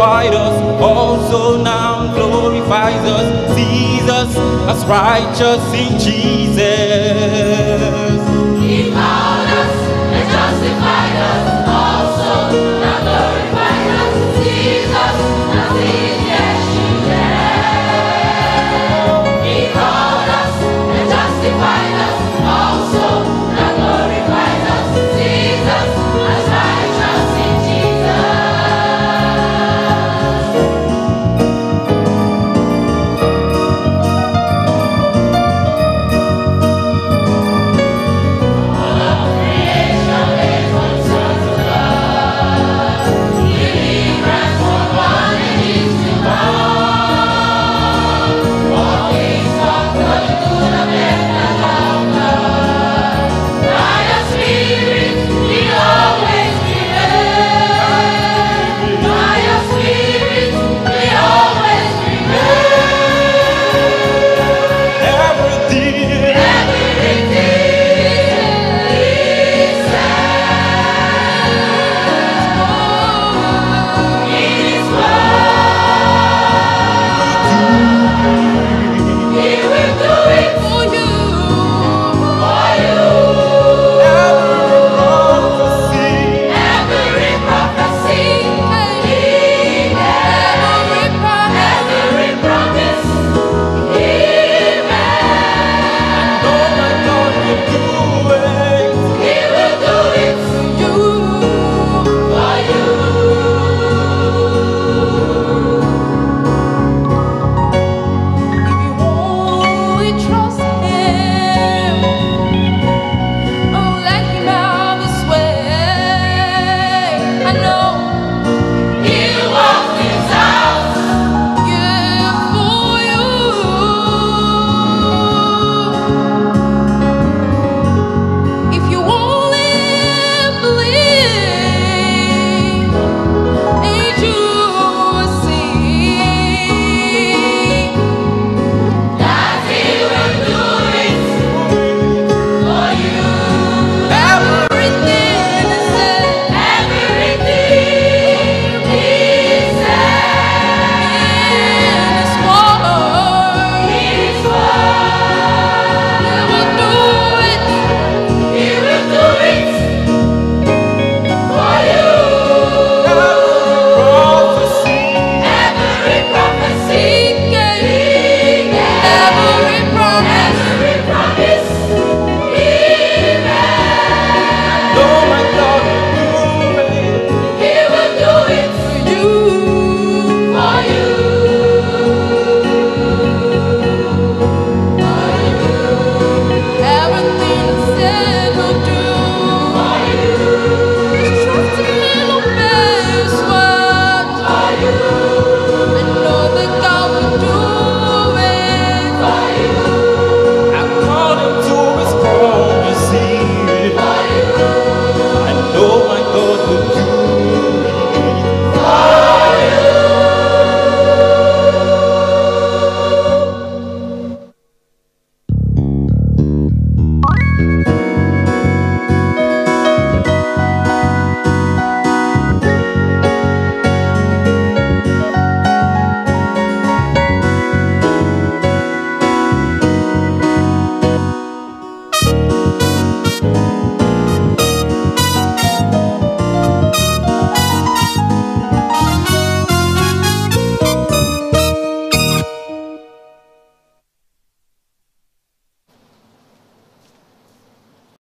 crucified us, also now glorifies us, sees us as righteous in Jesus.